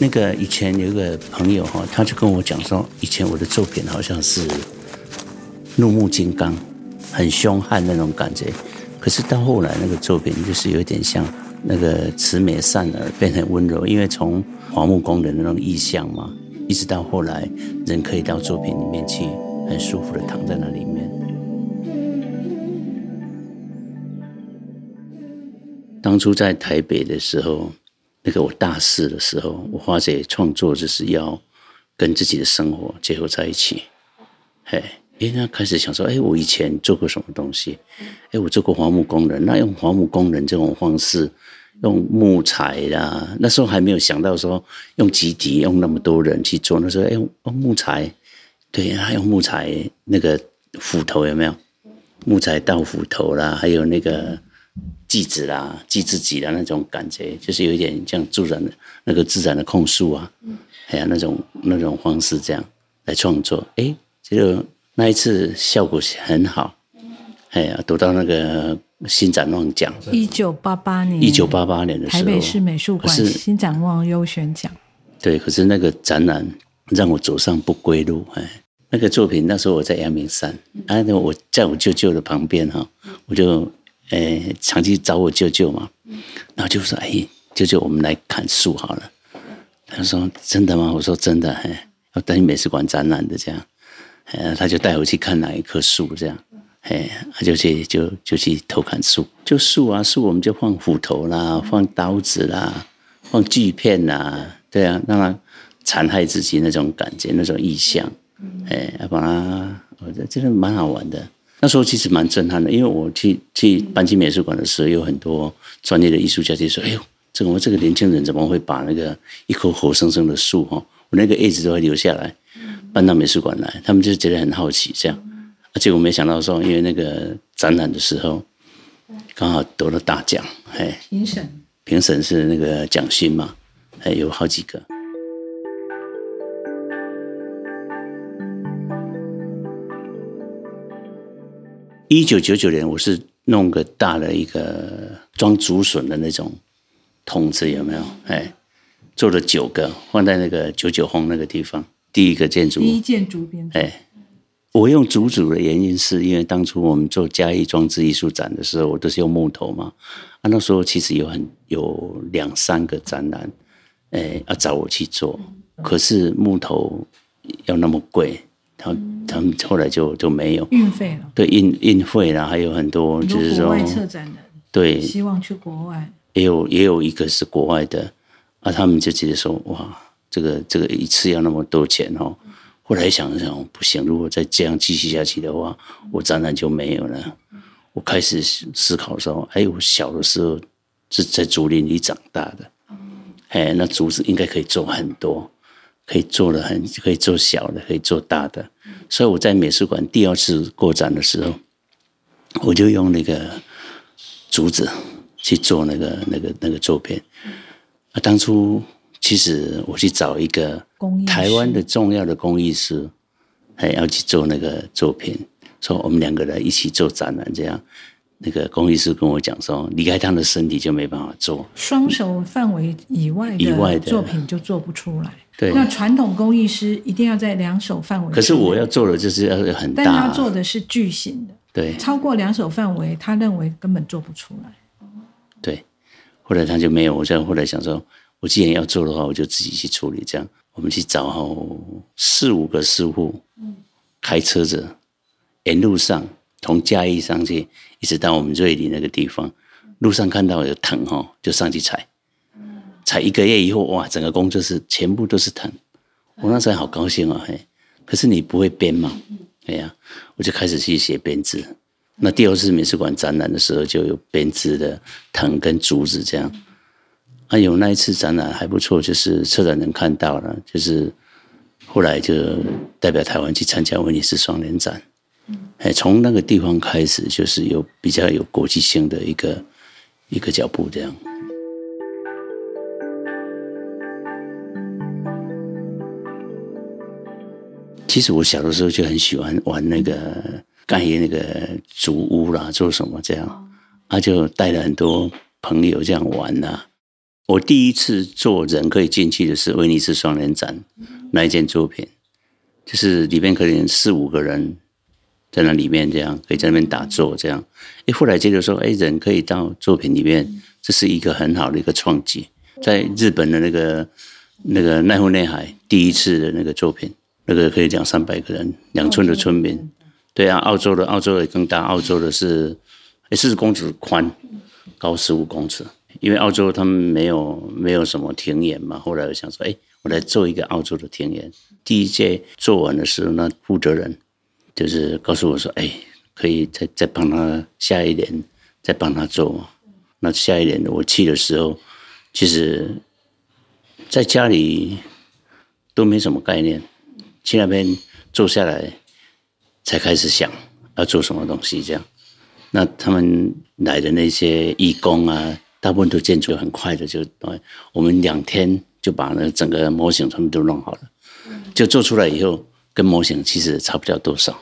那個以前有一個朋友哈，他就跟我講說，以前我的作品好像是怒目金剛，很兇悍那種感覺，可是到後來那個作品就是有點像那個慈眉善耳，變很溫柔，因為從伐木工人的那種意象嘛。一直到後來，人可以到作品裡面去，很舒服的躺在那裡面。當初在台北的時候，那個我大四的時候，我發覺創作就是要跟自己的生活結合在一起。嘿，因為他開始想說，哎、欸，我以前做過什麼東西？哎、欸，我做過伐木工人，那用伐木工人這種方式。用木材啦，那時候還沒有想到說用集體用那麼多人去做，那時候哎用、欸哦、木材，對，呀，用木材那個斧頭有沒有？木材到斧頭啦，還有那個鋸子啦，鋸自己的那種感覺，就是有點像自然的那個自然的控訴啊，嗯，哎呀、啊、那種那種方式這樣來創作，哎、欸，結果那一次效果是很好。哎呀，得到那個新展望獎，一九八八年，一九八八年的時候，台北市美術館新展望優選獎。對，可是那個展覽讓我走上不歸路。哎，那個作品那時候我在陽明山，哎、嗯，啊、那我在我舅舅的旁邊哈，我就哎長期找我舅舅嘛，然後、嗯、就說：“哎，舅舅，我們來砍樹好了。”他說：“真的嗎？”我說：“真的。”哎，要等美術館展覽的這樣，哎，他就帶我去看哪一棵樹這樣。哎，他就去就就去偷砍樹，就樹啊樹，我們就放斧頭啦，放刀子啦，放鋸片吶，對啊，讓他殘害自己那種感覺，那種意象，哎、嗯嗯，把它我覺得真的蠻好玩的。那時候其實蠻震撼的，因為我去去搬進美術館的時候，有很多專業的藝術家就說：“哎呦，這個我這個年輕人怎麼會把那個一棵活生生的樹哦，我那個葉子都會留下來，搬到美術館來？”他們就覺得很好奇這樣。就我沒想到說，因為那個展覽的時候，剛好得了大獎，哎，評審評審是那個獎金嘛，哎，有好幾個。一九九九年，我是弄個大的一個裝竹筍的那種桶子，有沒有？哎，做了九個，放在那個九九峰那個地方，第一個建築，第一建築邊，哎我用竹子的原因是，是因為當初我們做嘉義裝置藝術展的時候，我都是用木頭嘛。啊，那時候其實有很有兩三個展覽，哎、欸，要、啊、找我去做，可是木頭要那麼貴，他他們後來就就沒有運費了。對，運運費了，還有很多就是說，國外策展的，對，希望去國外也有也有一個是國外的，啊，他們就覺得說，哇，這個這個一次要那麼多錢哦。後來想一想，不行，如果再這樣繼續下去的話，嗯、我展覽就沒有了。嗯、我開始思考的時候，哎、欸，我小的時候是在竹林裡長大的，哎、嗯欸，那竹子應該可以做很多，可以做的很，可以做小的，可以做大的。嗯、所以我在美術館第二次過展的時候，我就用那個竹子去做那個那個那個作品。那、嗯啊、當初。其實我去找一個台灣的重要的工藝師，師還要去做那個作品。說我們兩個人一起做展覽，這樣那個工藝師跟我講說，離開他的身體就沒辦法做，雙手範圍以外以外的，以外的作品就做不出來。對，那傳統工藝師一定要在兩手範圍。可是我要做的就是要很大啊，但他做的是巨型的，對，超過兩手範圍，他認為根本做不出來。對，後來他就沒有。我就後來想說。我既然要做的話，我就自己去處理。這樣，我們去找好四五個師傅，嗯、開車子，沿路上從嘉義上去，一直到我們瑞里那個地方。路上看到有藤哈、哦，就上去踩。踩一個月以後，哇，整個工作室全部都是藤。我對那時候好高興啊，嘿。可是你不會編嘛？哎對呀，我就開始去學編織。那第二次美術館展覽的時候，就有編織的藤跟竹子這樣。嗯啊、有那一次展覽還不錯，就是策展人看到了，就是後來就代表台灣去參加威尼斯雙年展，哎、嗯，從那個地方開始，就是有比較有國際性的一個一個腳步這樣。其實我小的時候就很喜歡玩那個蓋那個竹屋啦，做什麼這樣，啊，就帶了很多朋友這樣玩吶、啊。我第一次做人可以進去的是威尼斯雙年展那一件作品，就是裡面可能四五個人在那裡面這樣，可以在那邊打坐這樣。一、欸、後來接着說，誒、欸、人可以到作品裡面，這是一個很好的一個創舉。在日本的那個那個瀨戶內海第一次的那個作品，那個可以兩三百個人，兩村的村民。對啊，澳洲的澳洲的更大，澳洲的是哎四十公尺寬，高十五公尺。因為澳洲他們沒有沒有什麼田野嘛，後來我想說，哎，我來做一個澳洲的田野。第一屆做完的時候，那負責人就是告訴我說，哎，可以再再幫他下一年再幫他做。那下一年我去的時候，其實在家裡都沒什麼概念，去那邊坐下來才開始想要做什麼東西這樣。那他們來的那些義工啊。大部分都建築很快的就，我們兩天就把那整個模型全部都弄好了，就做出來以後跟模型其實差不了多少。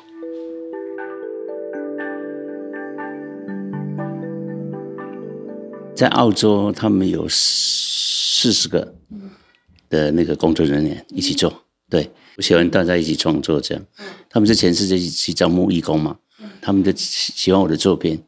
在澳洲，他們有四十個的那個工作人員一起做，對，我喜歡大家一起創作這樣。他們是全世界一起招募義工嘛，他們就喜歡我的作品，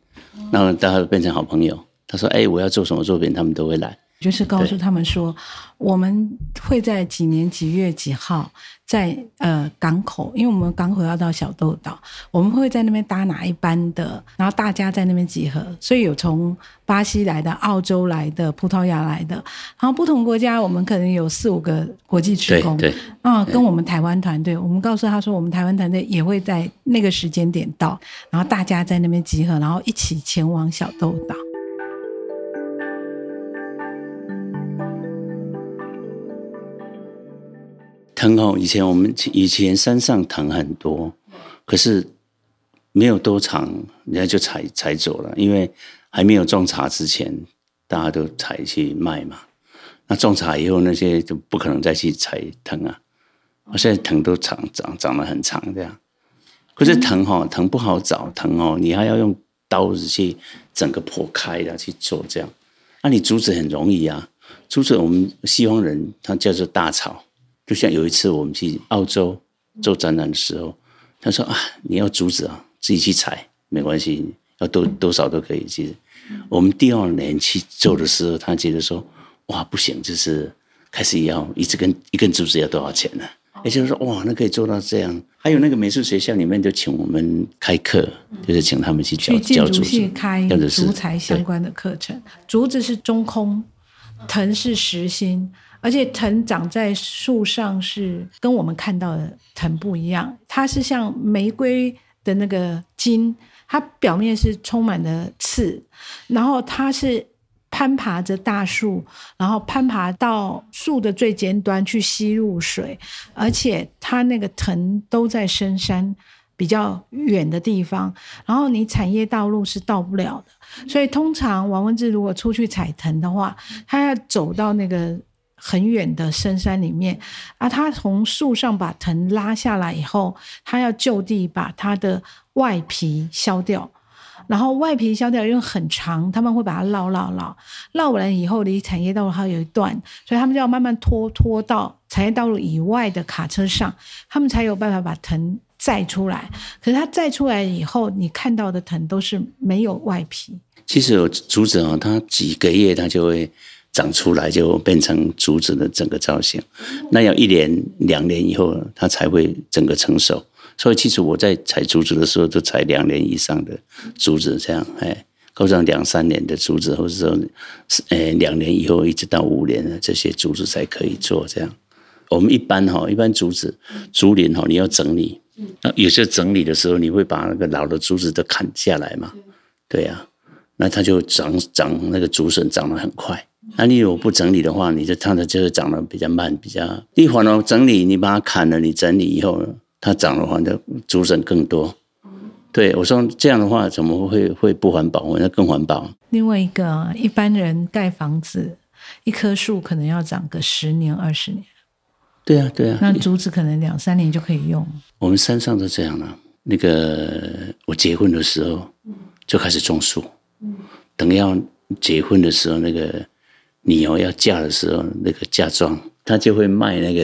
那麼大家就變成好朋友。他說：“哎、欸，我要做什麼作品？他們都會來。”就是告訴他們說，對我們會在幾年幾月幾號在呃港口，因為我們港口要到小豆島，我們會在那邊搭哪一班的，然後大家在那邊集合。所以有從巴西來的、澳洲來的、葡萄牙來的，然後不同國家，我們可能有四五個國際職工，對啊、呃，跟我們台灣團隊，對我們告訴他說，我們台灣團隊也會在那個時間點到，然後大家在那邊集合，然後一起前往小豆島。藤哦，以前我們以前山上藤很多，可是沒有多長，人家就採採走了，因為還沒有種茶之前，大家都採去賣嘛。那種茶以後，那些就不可能再去採藤啊。現在藤都長長長得很長這樣，可是藤哦，藤不好找，藤哦，你還要用刀子去整個破開然後去做這樣，那，啊，你竹子很容易啊，竹子我們西方人他叫做大草。就像有一次我們去澳洲做展覽的時候，嗯、他說啊，你要竹子啊，自己去採沒關係，要多多少都可以。其實、嗯、我們第二年去做的時候，嗯、他記得說哇，不行，就是開始要一直跟一根竹子要多少錢呢、啊？哦、他就是說，哇，那可以做到這樣。還有那個美術學校裡面就請我們開課，嗯、就是請他們去教教竹子，開竹材相關的課程。對竹子是中空，藤是實心。而且藤長在樹上，是跟我們看到的藤不一樣，它是像玫瑰的那個莖，它表面是充滿了刺，然後它是攀爬着大樹，然後攀爬到樹的最尖端去吸入水，而且它那個藤都在深山比較遠的地方，然後你產業道路是到不了的，所以通常王文志如果出去採藤的話，他要走到那個。很遠的深山裡面啊，他從樹上把藤拉下來以後，他要就地把它的外皮削掉，然後外皮削掉因為很長，他們會把它繞繞繞，繞完以後，離產業道路還有一段，所以他們就要慢慢拖，拖到產業道路以外的卡車上，他們才有辦法把藤載出來。可是他載出來以後，你看到的藤都是沒有外皮。其實有竹子啊，它幾個月它就會。長出來就變成竹子的整個造型，那要一年兩年以後，它才會整個成熟。所以，其實我在採竹子的時候，都採兩年以上的竹子，這樣哎，夠上兩三年的竹子，或者說欸，兩年以後一直到五年的這些竹子才可以做這樣。我們一般哈，一般竹子竹林哈，你要整理，那有些整理的時候，你會把那個老的竹子都砍下來嘛。對呀、啊，那它就長長那個竹筍長得很快。那、啊、你如果不整理的話，你就它它就會長得比較慢，比較。一環呢，整理你把它砍了，你整理以後，它長的話就竹筍更多。對，我說這樣的話，怎麼會會不環保？我覺得更環保。另外一個，一般人蓋房子，一棵樹可能要長個十年二十年。對啊，對啊。那竹子可能兩三年就可以用。我們山上都這樣了、啊。那個我結婚的時候，就開始種樹。等要結婚的時候，那個。你、哦、要嫁的時候那個嫁妝，他就會賣那個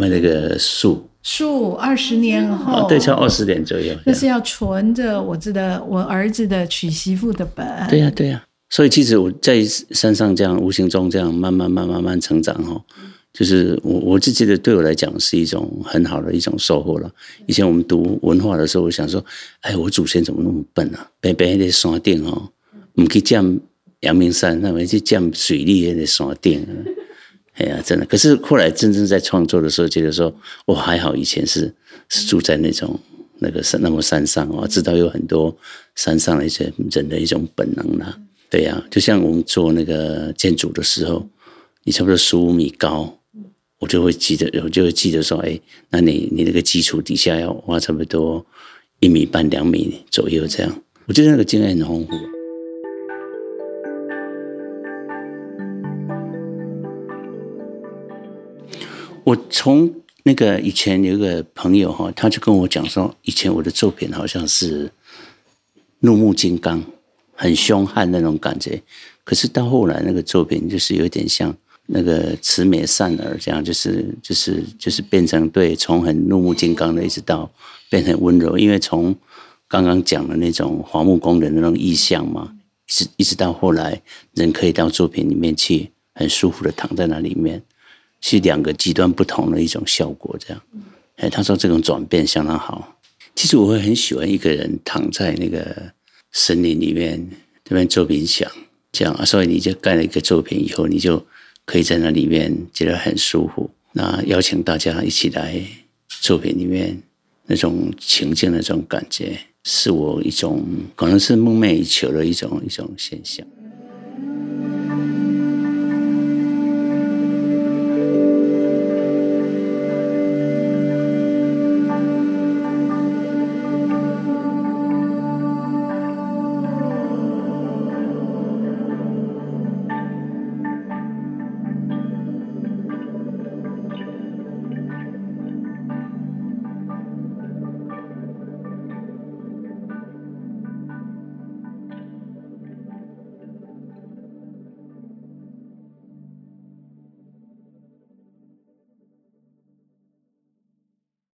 賣那個樹，樹二十年後。哦、對，差二十年左右。那是要存着，我記得我兒子的娶媳婦的本。對呀、啊，對呀、啊。所以其實我在山上這樣無形中這樣慢慢慢慢慢慢成長哈，嗯、就是我我自己的對我來講是一種很好的一種收穫了。以前我們讀文化的時候，我想說，哎，我祖先怎麼那麼笨呢、啊？白白的山頂哦，我們可以這樣。陽明山，那回去降水利也得閃電。哎呀、啊，真的。可是後來真正在創作的時候，覺得說，我還好。以前是是住在那種那個山，那麼山上我知道有很多山上的一些人的一種本能了。對呀、啊，就像我們做那個建築的時候，你差不多十五米高，我就會記得，我就會記得說，哎、欸，那你你那個基礎底下要挖差不多一米半兩米左右這樣。我覺得那個經驗很豐富。我從那個以前有一個朋友哈，他就跟我講說，以前我的作品好像是怒目金剛，很兇悍那種感覺。可是到後來那個作品就是有點像那個慈眉善耳這樣，就是就是就是變成對從很怒目金剛的，一直到變成溫柔。因為從剛剛講的那種伐木工人的那種意象嘛，一直一直到後來人可以到作品裡面去很舒服的躺在那裡面。是兩個極端不同的一種效果，這樣。哎，他說這種轉變相當好。其實我會很喜歡一個人躺在那個森林裡面，這邊作品想這樣，啊，所以你就蓋了一個作品以後，你就可以在那裡面覺得很舒服。那邀請大家一起來作品裡面那種情境的那種感覺，是我一種可能是夢寐以求的一種一種現象。